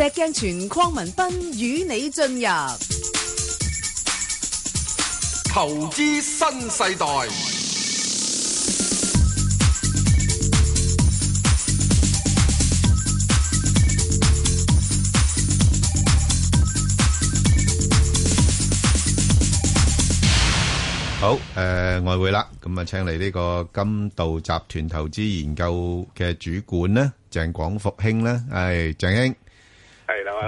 石鏡泉鄺文斌與你進入投資新世代。好誒，外匯啦，咁啊，請嚟呢個金道集團投資研究嘅主管咧，鄭廣復兄咧，係鄭兄。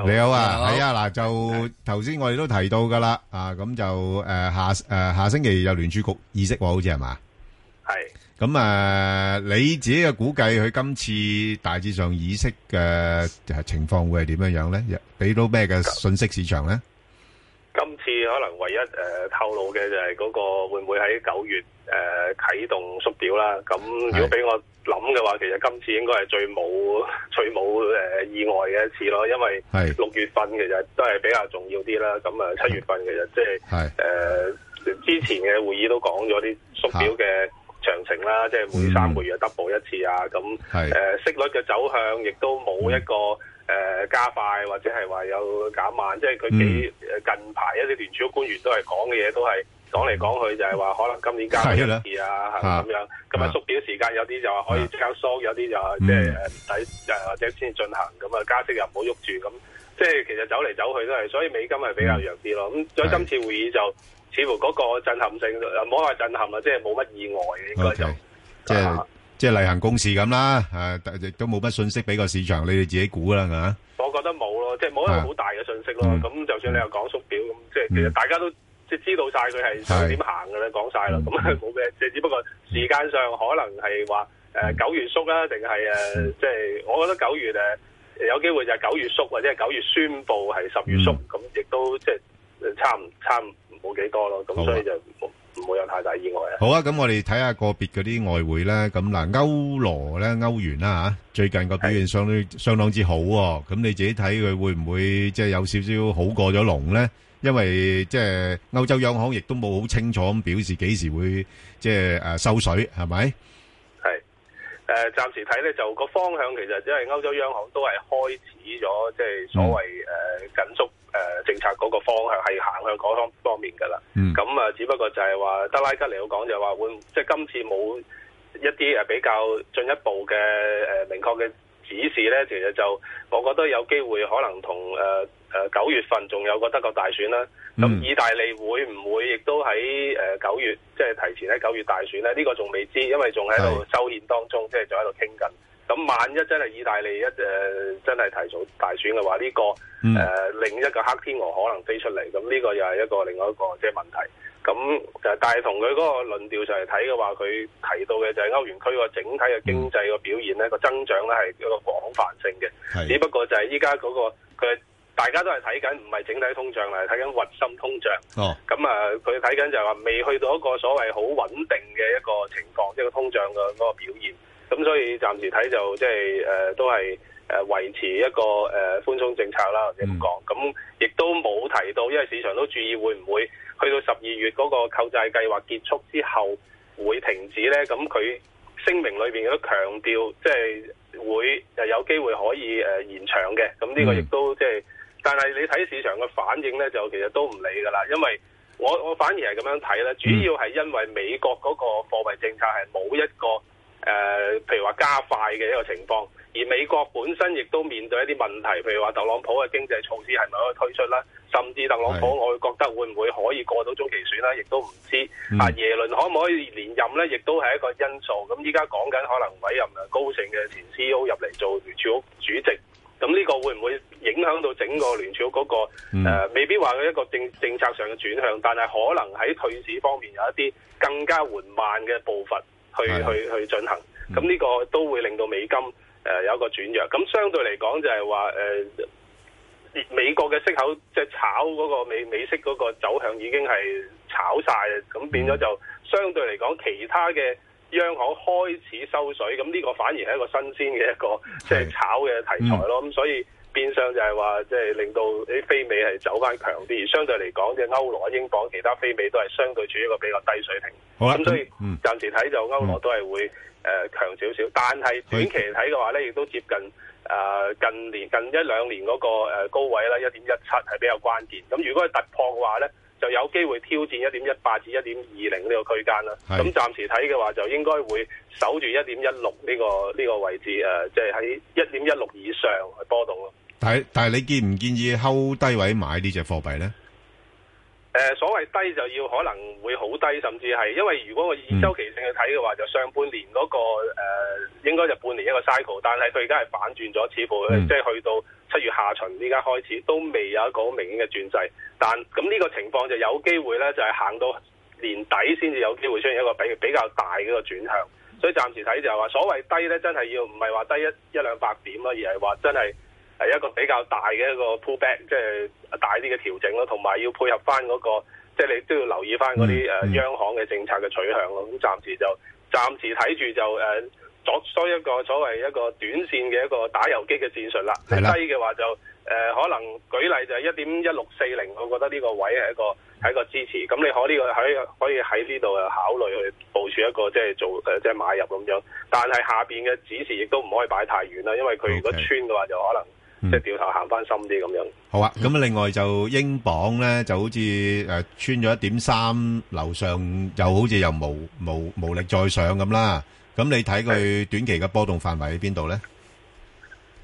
你好啊，係好啊，嗱好就頭先我哋都提到噶啦，啊咁就誒、呃、下誒、呃、下星期有聯儲局議息、哦、好似係嘛，係是，咁啊、呃、你自己嘅估計佢今次大致上議息嘅情況會係點樣樣咧？俾到咩嘅信息市場咧？今次可能唯一誒、呃、透露嘅就係嗰個會唔會喺九月誒、呃、啟動縮表啦，咁如果俾我諗嘅話，是其實今次應該係最冇最冇、呃、意外嘅一次咯，因為六月份其實都係比較重要啲啦。咁啊，七月份其實即係誒之前嘅會議都講咗啲縮表嘅詳情啦，啊、即係每三個月 double 一次啊。咁誒息率嘅走向亦都冇一個，誒、呃、加快或者係話有減慢，即係佢幾近排一啲聯儲官員都係講嘅嘢，都係講嚟講去就係話可能今年加息啊，係咁樣。咁啊縮表時間有啲就話可以即刻縮，啊、有啲就又即係唔使，又或者先進行咁啊加息又唔好喐住，咁即係其實走嚟走去都係，所以美金係比較弱啲咯。咁所以今次會議就，的就似乎嗰個震撼性又唔好話震撼啊，即係冇乜意外嘅應該。即係例行公事咁啦，亦、啊、都冇乜信息俾個市場，你哋自己估啦吓。啊、我覺得冇咯，即係冇一個好大嘅信息咯。咁是就算你又講縮表，咁、嗯、即係其實大家都即係知道晒佢係點行㗎啦，講晒啦，咁冇咩，即係、嗯、只不過時間上可能係話誒九月縮啦，定係誒即係我覺得九月誒有機會就係九月縮或者係九月宣布係十月縮，咁亦、嗯、都即係、就是、差唔差唔冇幾多咯，咁所以就冇。唔會有太大意外啊！好啊，咁我哋睇下個別嗰啲外匯咧，咁嗱歐羅咧、歐元啦嚇，最近個表現相對相當之好，咁你自己睇佢會唔會即係有少少好過咗龍咧？因為即係歐洲央行亦都冇好清楚咁表示幾時會即係誒收水，係咪？係誒，暫時睇咧就個方向其實即係歐洲央行都係開始咗即係所謂誒緊縮。誒政策嗰個方向係行向嗰方方面㗎啦，咁啊、嗯，只不過就係話德拉吉嚟講就話會，即、就、係、是、今次冇一啲比較進一步嘅、呃、明確嘅指示咧，其實就，是、就我覺得有機會可能同誒、呃呃、九月份仲有個德國大選啦、啊，咁、嗯、意大利會唔會亦都喺九、呃、月即係、就是、提前喺九月大選咧？呢、這個仲未知，因為仲喺度修憲當中，的即係仲喺度傾緊。咁萬一真係意大利一誒、呃、真係提早大選嘅話，呢、這個誒、呃、另一個黑天鵝可能飛出嚟，咁呢個又係一個另外一個即係、就是、問題。咁誒，但係同佢嗰個論調上嚟睇嘅話，佢提到嘅就係歐元區個整體嘅經濟個表現咧，個、嗯、增長咧係一個廣泛性嘅。是只不過就係依家嗰個佢大家都係睇緊，唔係整體通脹啦，睇緊核心通脹。哦，咁啊，佢睇緊就係話未去到一個所謂好穩定嘅一個情況，一個通脹嘅嗰個表現。咁所以暫時睇就即係誒都係誒維持一個誒寬鬆政策啦，你咁講，咁亦都冇提到，因為市場都注意會唔會去到十二月嗰個購債計劃結束之後會停止咧？咁佢聲明裏邊都強調，即係誒有機會可以誒、呃、延長嘅。咁呢個亦都即係，嗯、但係你睇市場嘅反應咧，就其實都唔理噶啦，因為我我反而係咁樣睇咧，主要係因為美國嗰個貨幣政策係冇一個。誒、呃，譬如話加快嘅一個情況，而美國本身亦都面對一啲問題，譬如話特朗普嘅經濟措施係咪可以推出咧？甚至特朗普，我會覺得會唔會可以過到中期選啦？亦都唔知。嗯、啊，耶倫可唔可以連任咧？亦都係一個因素。咁依家講緊可能委任高盛嘅前 CEO 入嚟做聯儲局主席，咁呢個會唔會影響到整個聯儲局嗰個、嗯呃、未必話佢一個政政策上嘅轉向，但係可能喺退市方面有一啲更加緩慢嘅步伐。去去去進行，咁呢個都會令到美金誒、呃、有一個轉弱。咁相對嚟講就係話誒，美國嘅息口即係、就是、炒嗰個美美息嗰個走向已經係炒晒。咁變咗就相對嚟講，其他嘅央行開始收水，咁呢個反而係一個新鮮嘅一個即係炒嘅題材咯。咁的所以。變相就係話，即、就、係、是、令到啲非美係走翻強啲，而相對嚟講，即係歐羅、英鎊，其他非美都係相對處於一個比較低水平。好啊，咁所以暫時睇就歐羅都係會誒、嗯呃、強少少，但係短期睇嘅話咧，亦都接近誒、呃、近年近一兩年嗰個高位啦，一點一七係比較關鍵。咁如果係突破嘅話咧，就有機會挑戰一點一八至一點二零呢個區間啦。咁是暫時睇嘅話，就應該會守住一點一六呢個呢、這個位置誒，即係喺一點一六以上去波動咯。但但係，你建唔建議溝低位買呢隻貨幣呢？所謂低就要可能會好低，甚至係因為如果我以周期性去睇嘅話，就上半年嗰、那個誒、呃，應該就半年一個 cycle，但係佢而家係反轉咗，似乎、嗯、即係去到七月下旬依家開始都未有一個明顯嘅轉勢，但咁呢個情況就有機會呢，就係、是、行到年底先至有機會出現一個比比較大嘅一個轉向，所以暫時睇就係話所謂低呢，真係要唔係話低一一兩百點咯，而係話真係。係一個比較大嘅一個 pullback，即係大啲嘅調整咯，同埋要配合翻、那、嗰個，即、就、係、是、你都要留意翻嗰啲央行嘅政策嘅取向咯。咁暫、嗯嗯、時就暫時睇住就誒作衰一個所謂一個短線嘅一個打游擊嘅戰術啦。係的低嘅話就誒可能舉例就一點一六四零，我覺得呢個位係一個係一個支持。咁你可呢個可可以喺呢度考慮去部署一個即係、就是、做即係、就是、買入咁樣。但係下面嘅指示亦都唔可以擺太遠啦，因為佢如果穿嘅話就可能。即係掉頭行翻深啲咁樣。好啊，咁啊，另外就英鎊咧，就好似誒穿咗一點三，樓上又好似又無無無力再上咁啦。咁你睇佢短期嘅波動範圍喺邊度咧？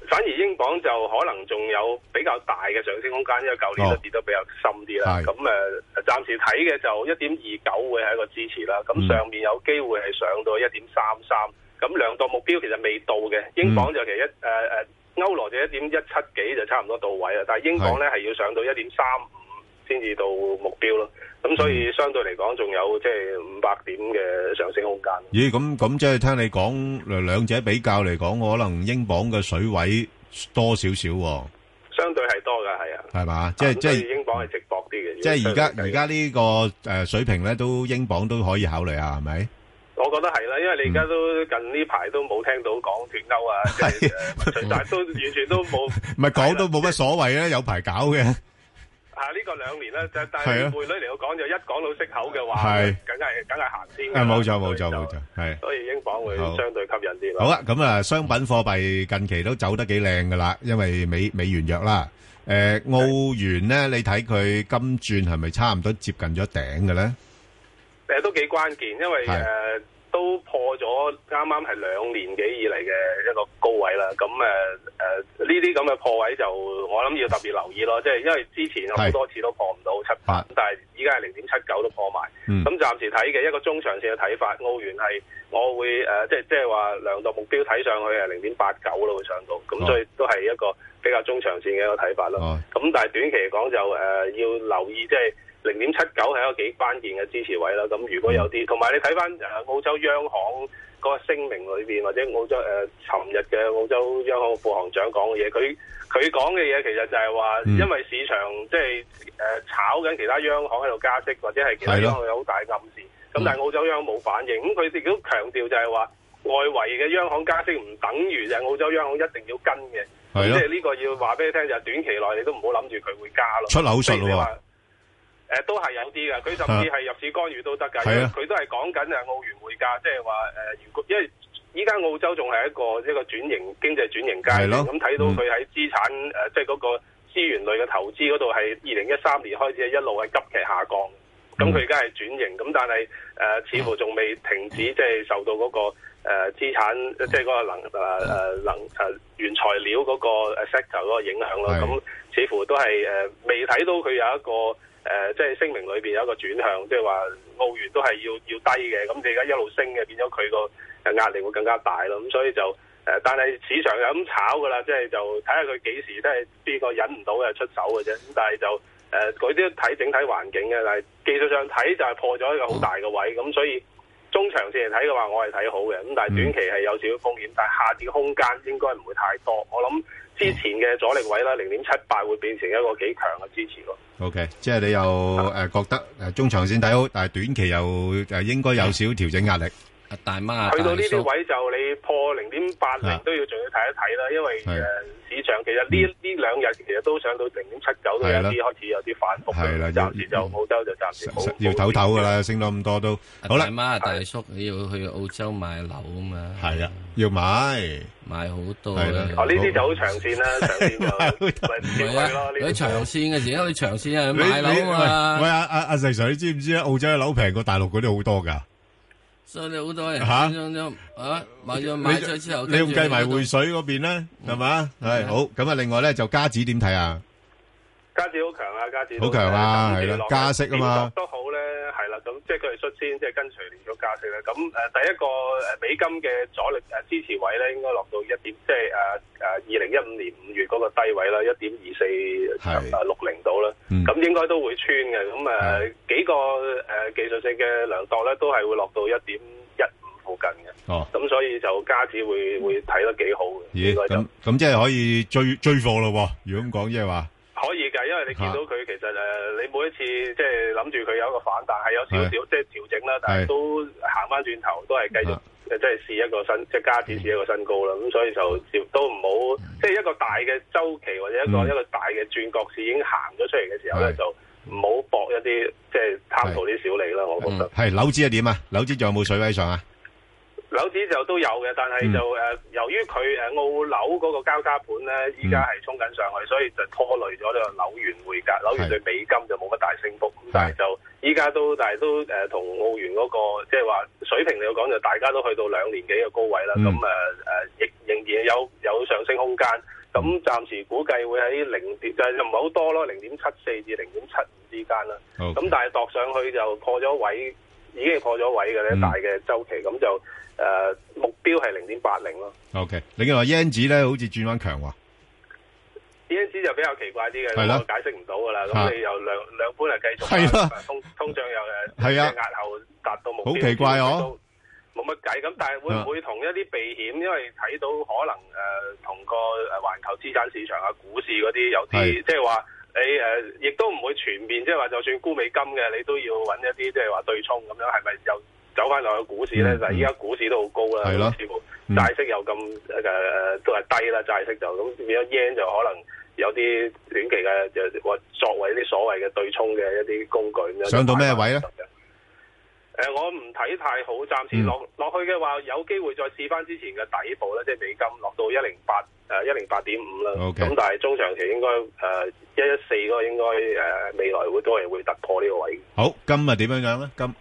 反而英鎊就可能仲有比較大嘅上升空間，因為舊年都跌得比較深啲啦。咁誒，暫時睇嘅就一點二九會係一個支持啦。咁上面有機會係上到一點三三。咁量度目標其實未到嘅，英鎊就其實一誒誒。歐羅就一點一七幾就差唔多到位啦，但係英鎊咧係要上到一點三五先至到目標咯。咁所以相對嚟講，仲有即係五百點嘅上升空間。咦、嗯？咁咁即係聽你講兩,兩者比較嚟講，可能英鎊嘅水位多少少喎？相對係多㗎，係啊。係嘛吧？即係即係英鎊係值博啲嘅。即係而家而家呢個誒水平咧，都英鎊都可以考慮啊？係咪？我覺得係啦，因為你而家都近呢排都冇聽到講脫鈎啊，但係都完全都冇。唔係講都冇乜所謂咧，有排搞嘅。啊，呢個兩年咧，但係匯率嚟講就一講到息口嘅話，係梗係梗係行先。啊，冇錯冇錯冇錯，係。所以英鎊會相對吸引啲咯。好啦，咁啊，商品貨幣近期都走得幾靚嘅啦，因為美美元弱啦。誒，澳元咧，你睇佢金鑽係咪差唔多接近咗頂嘅咧？誒都幾關鍵，因為誒是、呃、都破咗啱啱係兩年幾以嚟嘅一個高位啦。咁誒誒呢啲咁嘅破位就我諗要特別留意咯。即係是因為之前有好多次都破唔到七八，八但係依家係零點七九都破埋。咁、嗯、暫時睇嘅一個中長線嘅睇法，澳元係我會即係即係話量度目標睇上去係零點八九咯，會上到。咁、哦、所以都係一個比較中長線嘅一個睇法咯。咁、哦、但係短期嚟講就誒、呃、要留意即係。就是零點七九係一個幾關鍵嘅支持位啦。咁如果有啲，同埋你睇翻誒澳洲央行個聲明裏面，或者澳洲誒尋日嘅澳洲央行副行長講嘅嘢，佢佢講嘅嘢其實就係話，因為市場即係誒炒緊其他央行喺度加息，或者係其他央行有好大暗示。咁的但係澳洲央行冇反應。咁佢己都強調就係話，外圍嘅央行加息唔等於就澳洲央行一定要跟嘅。咁即係呢個要話俾你聽，就短期內你都唔好諗住佢會加咯。出樓出誒都係有啲嘅，佢甚至係入市干預都得㗎。因為佢的都係講緊誒澳元匯價，即係話誒，如、呃、果因為依家澳洲仲係一個一個轉型經濟轉型階段，咁睇的到佢喺資產誒即係嗰個資源類嘅投資嗰度係二零一三年開始係一路係急劇下降。咁佢而家係轉型，咁、嗯、但係誒、呃、似乎仲未停止，即、就、係、是、受到嗰、那個誒資、呃、產，即係嗰個能誒、呃、能、呃、原材料嗰個 sector 嗰個影響咯。咁的似乎都係誒未睇到佢有一個。誒、呃，即係聲明裏面有一個轉向，即係話澳元都係要要低嘅，咁你而家一路升嘅，變咗佢個壓力會更加大咯，咁所以就誒、呃，但係市場又咁炒噶啦，即係就睇下佢幾時都係邊個忍唔到嘅出手嘅啫，咁但係就誒，嗰啲睇整體環境嘅，但係技術上睇就係破咗一個好大嘅位，咁所以。中長線嚟睇嘅話，我係睇好嘅，咁但係短期係有少少風險，嗯、但係下跌空間應該唔會太多。我諗之前嘅阻力位啦，零點七八會變成一個幾強嘅支持咯。OK，即係你又誒覺得誒中長線睇好，但係短期又誒應該有少少調整壓力。阿大媽，去到呢啲位就你破零點八零都要仲要睇一睇啦，因為誒市場其實呢呢兩日其實都上到零點七九，都有啲開始有啲反覆。係啦，暫時就澳洲就暫時要唞唞㗎啦，升到咁多都好啦。阿媽阿大叔，你要去澳洲買樓啊嘛？係啊，要買買好多啦。哦，呢啲就好長線啦，長線咪咪咪咯。你長線嘅時，因為長線係買樓啊嘛。喂阿阿阿細 sir，你知唔知啊？澳洲嘅樓平過大陸嗰啲好多㗎。所以你好多人啊，買咗買咗之後，你要計埋匯水嗰邊咧，係嘛？係好咁啊！另外咧就加紙點睇啊？加紙好強啊！加紙好強啦，係啦，加息啊嘛。咁即係佢係率先即係跟隨連續加息咧，咁誒、呃、第一個誒美金嘅阻力誒、呃、支持位咧，應該落到一點，即係誒誒二零一五年五月嗰個低位啦，一點二四六零度啦，咁是、嗯、應該都會穿嘅，咁誒、呃、是幾個誒、呃、技術性嘅量度咧，都係會落到一點一五附近嘅，哦，咁所以就加指會會睇得幾好嘅，嗯、應該就咁即係可以追追貨咯喎、啊，如果咁講即係話。可以㗎，因為你見到佢其實誒，你每一次即係諗住佢有一個反彈，係有少少即係調整啦，但係都行翻轉頭，都係繼續即係試一個新，即係加展試一個新高啦。咁所以就都唔好，即係一個大嘅周期或者一個一個大嘅轉角市已經行咗出嚟嘅時候咧，就唔好搏一啲即係貪圖啲小利啦。我覺得係柳子係點啊？柳子仲有冇水位上啊？樓市就都有嘅，但係就、嗯呃、由於佢澳樓嗰個交叉盤咧，依家係沖緊上去，嗯、所以就拖累咗呢個紐元匯價。是紐元對美金就冇乜大升幅，咁是但係就依家都，但係都同、呃、澳元嗰、嗰個即係話水平嚟講，就大家都去到兩年幾嘅高位啦。咁、嗯呃、仍然有有上升空間。咁、嗯、暫時估計會喺零點就唔係好多咯，零點七四至零點七五之間啦。咁 Okay. 但係度上去就破咗位，已經係破咗位嘅呢、嗯、大嘅周期，咁就。誒、呃，目標係零點八零咯。O、okay. K，你另外英紙咧好似轉翻強喎，英紙就比較奇怪啲嘅，的我解釋唔到噶啦。咁的你又兩兩半係繼續，係啦的、啊，通通脹又誒，係啊的，押後達到目標，好奇怪哦，冇乜計。咁但係會唔會同一啲避險？的因為睇到可能誒，同、呃、個環球資產市場啊，股市嗰啲有啲，即係話你誒，亦、呃、都唔會全面，即係話就算沽美金嘅，你都要揾一啲，即係話對沖咁樣，係咪有？走翻落去股市咧，就依家股市都好高啦，甚至乎債息又咁誒誒，都係低啦，債息就咁變咗 yen 就可能有啲短期嘅，或作為啲所謂嘅對沖嘅一啲工具咁樣。上到咩位咧？誒、呃，我唔睇太好，暫時落落、嗯、去嘅話，有機會再試翻之前嘅底部咧，即、就、係、是、美金落到一零八誒一零八點五啦。咁 Okay. 但係中長期應該誒一一四嗰個應該、呃、未來會都係會，會突破呢個位。好，今日點樣樣咧？金。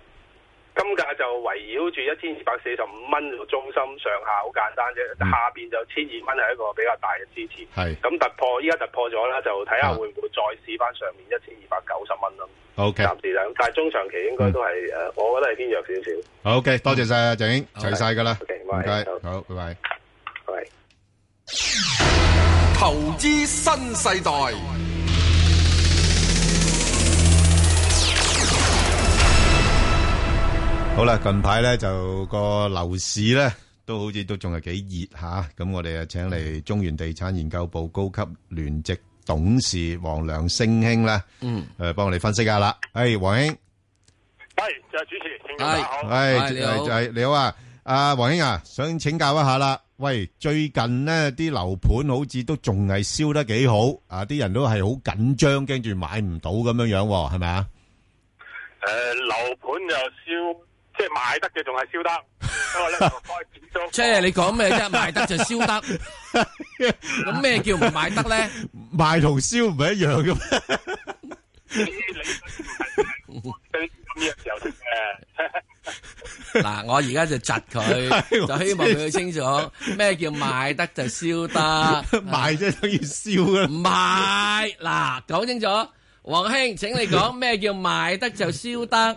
金價就圍繞住一千二百四十五蚊個中心上下，好簡單啫。下邊就千二蚊係一個比較大嘅支持。係。咁突破，依家突破咗啦，就睇下會唔會再試翻上面一千二百九十蚊啦。好嘅，暫時啦。但係中長期應該都係，誒，我覺得係偏弱少少。好嘅，多謝晒啊鄭英，齊晒㗎啦。唔該，好，拜拜。拜拜。投資新世代。好啦，近排咧就個樓市咧都好似都仲係幾熱吓，咁我哋啊，請嚟中原地產研究部高級聯席董事黃良升兄咧，嗯，誒，幫我哋分析下啦。誒，黃兄，係就係主持，係，係你好，你好啊，阿黃兄啊，想請教一下啦。喂，最近咧，啲樓盤好似都仲係燒得幾好，啊，啲人都係好緊張，驚住買唔到咁樣樣，係咪啊？誒，樓盤又燒。即係賣得嘅，仲係燒得。即係你講咩啫？賣得就燒得。咁咩叫唔賣得咧？賣同燒唔係一樣嘅咩？你你係對呢個時候嘅。嗱，我而家就窒佢，就希望佢清楚咩叫賣得就燒得。賣即係等於燒啦。賣嗱，講清楚，黃兄，請你講咩叫賣得就燒得。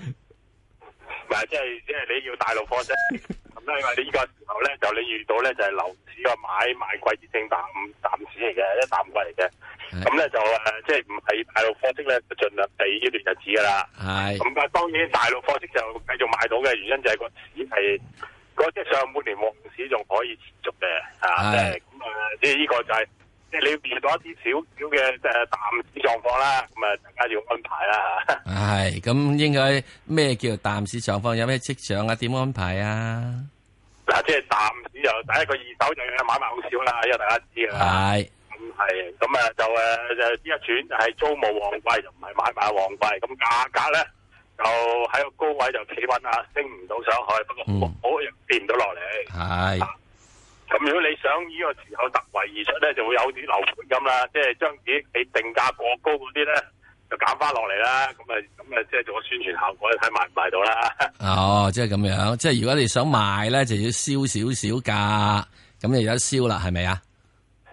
唔 即係即係你要大陸貨色，咁咧因為你呢個時候咧，就你遇到咧就係樓市個買賣季節性淡淡市嚟嘅，一淡季嚟嘅，咁咧的就誒，即係唔係大陸貨色咧，就盡量避呢段日子噶啦。係咁啊，當然大陸貨色就繼續買到嘅原因就係個市係，即係上半年旺市仲可以持續嘅，係咁誒，即係呢、嗯、個就係、是。即係你要遇到一啲少少嘅，即係淡市狀況啦，咁啊，大家要安排啦係，咁、哎、應該咩叫淡市狀況？有咩跡象啊？點安排啊？嗱、啊，即係淡市又第一個二手就嘅買賣好少啦，因為大家知啦。係是。咁係，咁啊就誒，一轉係租務旺季，就唔係買賣旺季。咁價格咧就喺個高位就企穩啦，升唔到上去，嗯、不過好跌唔到落嚟。係。咁如果你想呢個時候突圍而出咧，就會有啲樓盤咁啦，即係將自己你定價過高嗰啲咧，就減翻落嚟啦。咁啊，咁啊，即係做個宣傳效果，睇賣唔賣到啦。哦，即係咁樣，即係如果你想賣咧，就要燒少少價，咁你而家燒啦，係咪啊？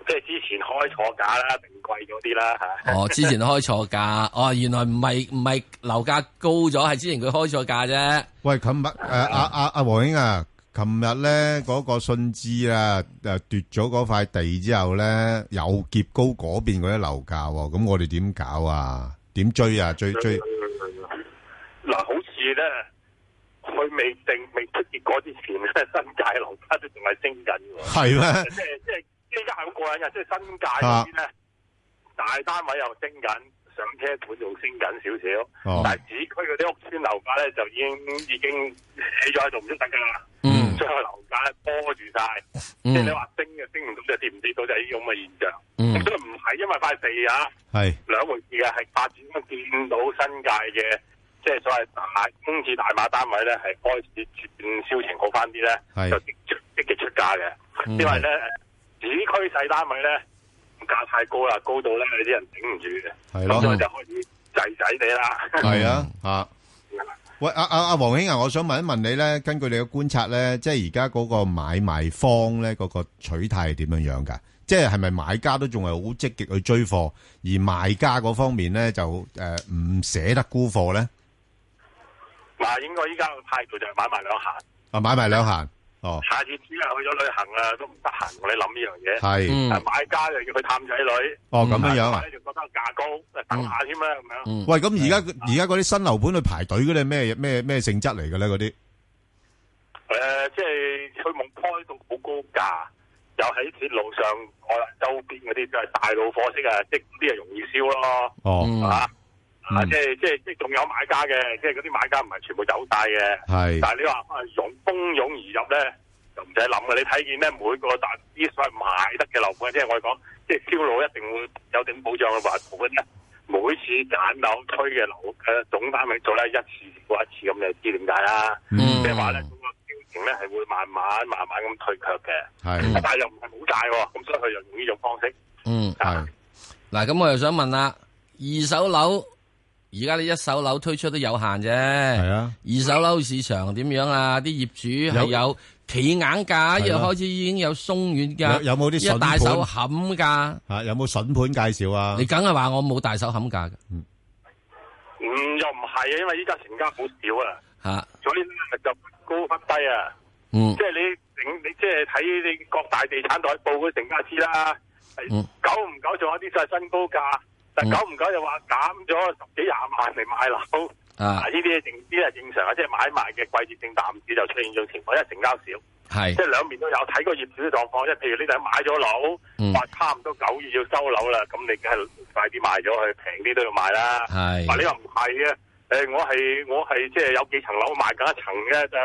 即係之前開錯價啦，定貴咗啲啦嚇。哦，之前開錯價， 哦，原來唔係唔係樓價高咗，係之前佢開錯價啫。喂，佢物誒阿阿阿黃英啊！琴日咧嗰個信置啊，誒奪咗嗰塊地之後咧，又劫高嗰邊嗰啲樓價，咁我哋點搞啊？點追啊？追追！嗱嗎， 好似咧，佢未定未出結果之前咧，新界樓價都仲係升緊喎。係咩是嗎？ 即係即係呢家係好過癮嘅，即係新界嗰邊咧， 大單位又升緊。上車盤仲升緊少少，oh. 但係市區嗰啲屋村樓價咧就已經已經起咗，喺度唔出得噶啦。將個樓價拖住晒，即係你話升就升唔到，就跌唔跌到就係呢種嘅現象。咁所以唔係因為塊地嚇、啊，是兩回事嘅、啊，係發展到見到新界嘅，即、就、係、是、所謂大公置大碼單位咧，係開始轉銷情好翻啲咧，是就即即刻出價嘅。Mm. 因為咧市區細單位咧。價太高啦，高到咧，有啲人頂唔住嘅，咁就就開始滯滯地啦。係啊，啊，喂，阿阿阿黃兄啊，我想問一問你咧，根據你嘅觀察咧，即係而家嗰個買賣方咧，嗰個取態係點樣樣噶？即係係咪買家都仲係好積極去追貨，而賣家嗰方面咧就誒唔捨得沽貨咧？嗱，應該依家嘅態度就係買埋兩行，啊，買埋兩行。哦、下次只啊去咗旅行啊，都唔得閒同你諗呢樣嘢。係，是嗯、買家又要去探仔女。哦，咁樣樣啊，買就覺得價高，嗯、等下添啦咁樣。嗯、喂，咁而家而家嗰啲新樓盤去排隊嗰啲咩咩咩性質嚟嘅咧？嗰啲誒，即係佢望開到好高價，又喺鐵路上，我周邊嗰啲即係大路貨色啊，即啲係容易燒咯。哦，吓。啊！即係即係即係仲有買家嘅，即係嗰啲買家唔係全部走晒嘅。係是，但係你話啊湧蜂擁而入咧，就唔使諗嘅。你睇見咧，每個大啲所謂買得嘅樓盤，即係我哋講，即係銷路一定會有點保障嘅話，冇乜嘢。每次揀樓推嘅樓誒，總單位做咧一次過一次咁，你知點解啦？嗯，即係話咧，呢那個銷情咧係會慢慢慢慢咁退卻嘅。係是，但係又唔係好大喎，咁所以佢又用呢種方式。嗯，係、啊。嗱，咁我又想問啦、啊，二手樓。而家啲一手樓推出都有限啫，係啊！二手樓市場點樣啊？啲業主係有企硬價，是啊、又開始已經有鬆軟價，有冇啲大手冚價？吓、啊，有冇筍盤介紹啊？你梗係話我冇大手冚價嘅，嗯，又唔係啊？因為依家成交好少啊，吓，所以咧就高忽低啊，嗯，即係你你即係睇你各大地產代報嘅成交知啦，嗯，久唔久仲有啲晒新高價。嗯、但久唔久又話減咗十幾廿萬嚟買樓，啊！呢啲正啲係正常即係、就是、買賣嘅季節性淡市就出現咗情況，因為成交少，係是即係兩邊都有睇個業主狀況。即譬如你哋買咗樓，話、嗯、差唔多九月要收樓啦，咁你梗係快啲賣咗去，平啲都要賣啦。係是，嗱呢個唔係啊？我係我係即係有幾層樓賣緊一層嘅，就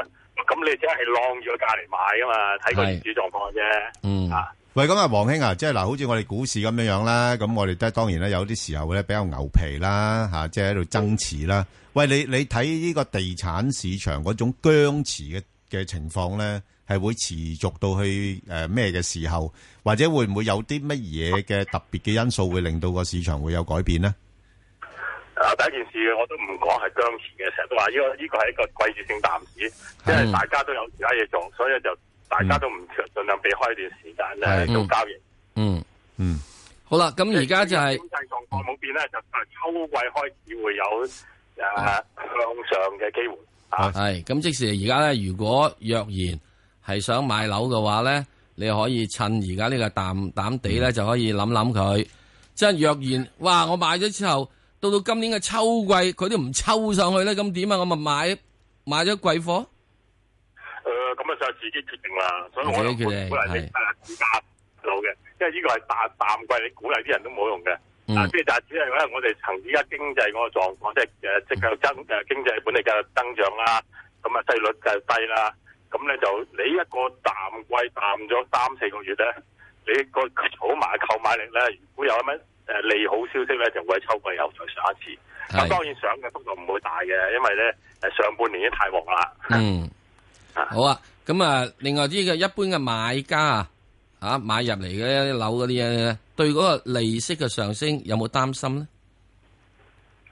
咁你即係浪晾住個價嚟買啊嘛，睇個業主狀況啫。是嗯啊。喂，咁啊，黃兄啊，即係嗱，好似我哋股市咁樣樣啦，咁我哋都當然咧，有啲時候咧比較牛皮啦，吓、啊，即係喺度爭持啦。喂，你你睇呢個地產市場嗰種僵持嘅嘅情況咧，係會持續到去誒咩嘅時候，或者會唔會有啲乜嘢嘅特別嘅因素會令到個市場會有改變呢？啊，第一件事我都唔講係僵持嘅，成日都話呢、呢個呢、呢個係一個季節性淡市，即係大家都有其他嘢做，所以就。大家都唔，盡量避開一段時間咧做交易。嗯嗯，嗯嗯好啦，咁而家就係經濟狀況冇變咧，就啊、嗯，秋季開始會有啊向上嘅機會。係，咁即時而家咧，如果若然係想買樓嘅話咧，你可以趁而家呢個淡淡地咧，嗯、就可以諗諗佢。即係若然哇，我買咗之後，到到今年嘅秋季，佢都唔抽上去咧，咁點啊？我咪買買咗貴貨？就自己決定啦，所以我哋鼓鼓勵你係加老嘅，因係呢個係淡淡季，你鼓勵啲人都冇用嘅。嗱、嗯，即係但係因為我哋憑而家經濟嗰個狀況，即係誒即係增誒、嗯、經濟本地嘅增長啦，咁啊，利率就低啦，咁、啊、咧、嗯、就你一個淡季淡咗三四個月咧，你一個儲埋購買力咧，如果有咁樣利好消息咧，就會喺秋季有再上一次。咁的當然上嘅幅度唔會大嘅，因為咧誒上半年已經太旺啦。嗯，啊好啊。咁啊，另外啲嘅一般嘅買家啊，吓買入嚟嘅樓嗰啲咧，對嗰個利息嘅上升有冇擔心咧？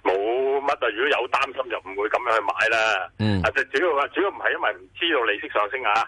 冇乜啊！如果有擔心，就唔會咁樣去買啦。嗯，啊，就主要啊，主要唔係因為唔知道利息上升啊，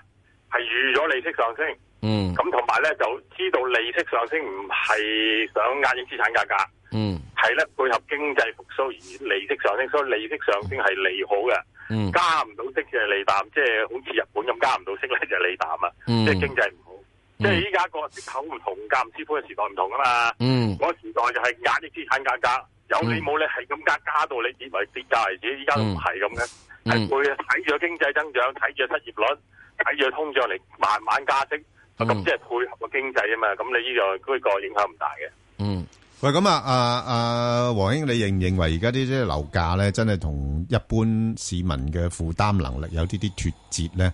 係預咗利息上升。嗯，咁同埋咧，就知道利息上升唔係想壓抑資產價格。嗯，係咧配合經濟復甦而利息上升，所以利息上升係利好嘅。嗯嗯、加唔到息就利淡，即係好似日本咁加唔到息咧就利淡啊！嗯、即係經濟唔好，嗯、即係依家個口唔同，價值嘅時代唔同啊嘛！嗰、嗯、時代就係壓抑資產價格，有你冇咧係咁加，加到你以為跌價為主，依家都唔係咁嘅，係會睇住個經濟增長，睇住失業率，睇住通脹嚟慢慢加息，咁、嗯、即係配合個經濟啊嘛！咁你依、呢個呢、那個影響唔大嘅。嗯喂，咁啊，啊阿黃兄你認唔認為而家啲即係樓價咧，真係同一般市民嘅負擔能力有啲啲脱節咧？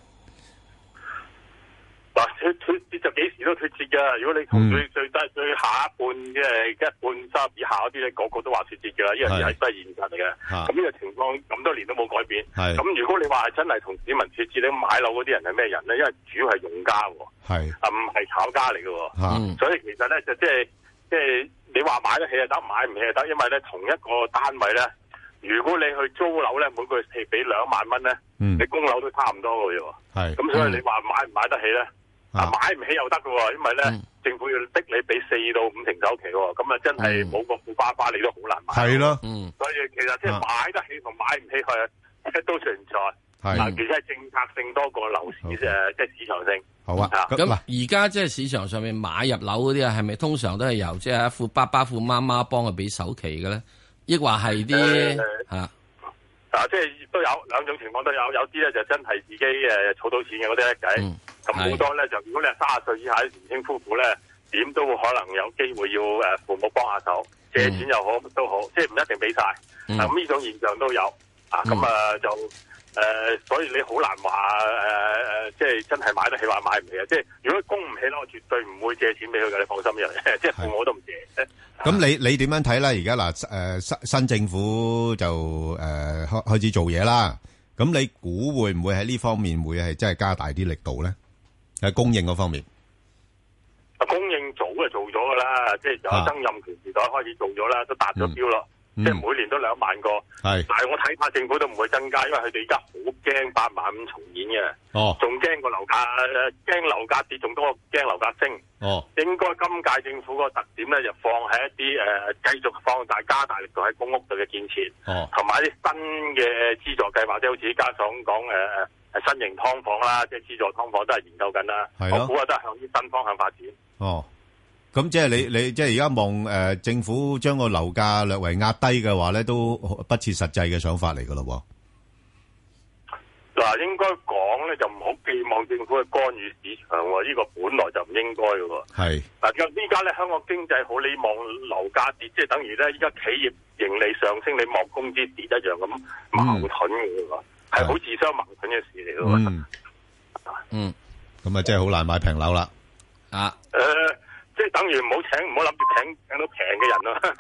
嗱，脱脱就幾時都脱節㗎。如果你同最最低最下一半嘅一半三以下嗰啲，個個都話脱節噶啦，因為樣係真係現實嚟嘅。咁呢是個情況咁多年都冇改變。咁是如果你話係真係同市民脱節，你買樓嗰啲人係咩人咧？因為主要係用家，係唔係炒家嚟嘅。啊、所以其實咧，就即、就、係、是。即係你話買得起就得，買唔起就得，因為咧同一個單位咧，如果你去租樓咧，每個月係俾兩萬蚊咧，嗯、你供樓都差唔多㗎啫。係是，咁所以你話買唔買得起咧？啊，買唔起又得喎！因為咧、嗯、政府要逼你俾四到五成首期、哦，咁啊真係冇個富爸爸你都好難買。係咯的，嗯，所以其實即係買得起同買唔起佢、啊、都存在。係嗱，其實係政策性多過樓市誒，即係市場性。好啊，咁而家即係市場上面買入樓嗰啲啊，係咪通常都係由即係一副爸爸父媽媽幫佢俾首期嘅咧？亦話係啲吓啊，即係都有兩種情況都有，有啲咧就真係自己誒儲到錢嘅嗰啲咧仔，咁好多咧就如果你係卅歲以下年輕夫婦咧，點都會可能有機會要誒父母幫下手借錢又好都好，即係唔一定俾晒。咁呢種現象都有啊，咁啊就。誒、呃，所以你好難話誒誒，即係真係買得起話買唔起啊！即係如果供唔起咧，我絕對唔會借錢俾佢噶，你放心嘅，即係父母都唔借。咁是、啊、你你點樣睇咧？而家嗱，誒、呃、新新政府就誒開、呃、開始做嘢啦。咁你估會唔會喺呢方面會係真係加大啲力度咧？喺供應嗰方面，啊供應早就做咗噶啦，即係由曾蔭權時代開始做咗啦，都達咗標咯。啊嗯嗯、即係每年都兩萬個，係是，但係我睇怕政府都唔會增加，因為佢哋而家好驚八萬五重演嘅，哦，仲驚個樓價，驚樓價跌，仲多過驚樓價升，哦，應該今屆政府個特點咧，就放喺一啲誒、呃，繼續放大加大力度喺公屋度嘅建設，哦，同埋啲新嘅資助計劃，即好似家長講誒誒新型劏房啦，即係資助劏房都係研究緊啦，啊、我估啊都係向啲新方向發展，哦。咁即係你你即係而家望誒、呃，政府將個樓價略為壓低嘅話咧，都不切實際嘅想法嚟噶咯。嗱，應該講咧就唔好寄望政府去干預市場，呢、呢個本來就唔應該嘅。係嗱是、嗯，依家咧香港經濟好，你望樓價跌，即係等於咧依家企業盈利上升，你望工資跌一樣咁矛盾喎。係好、嗯、自相矛盾嘅事嚟嘅、嗯 嗯。嗯嗯，咁啊即係好難買平樓啦啊！呃即係等於唔好請，唔好諗住請請到平嘅人咯。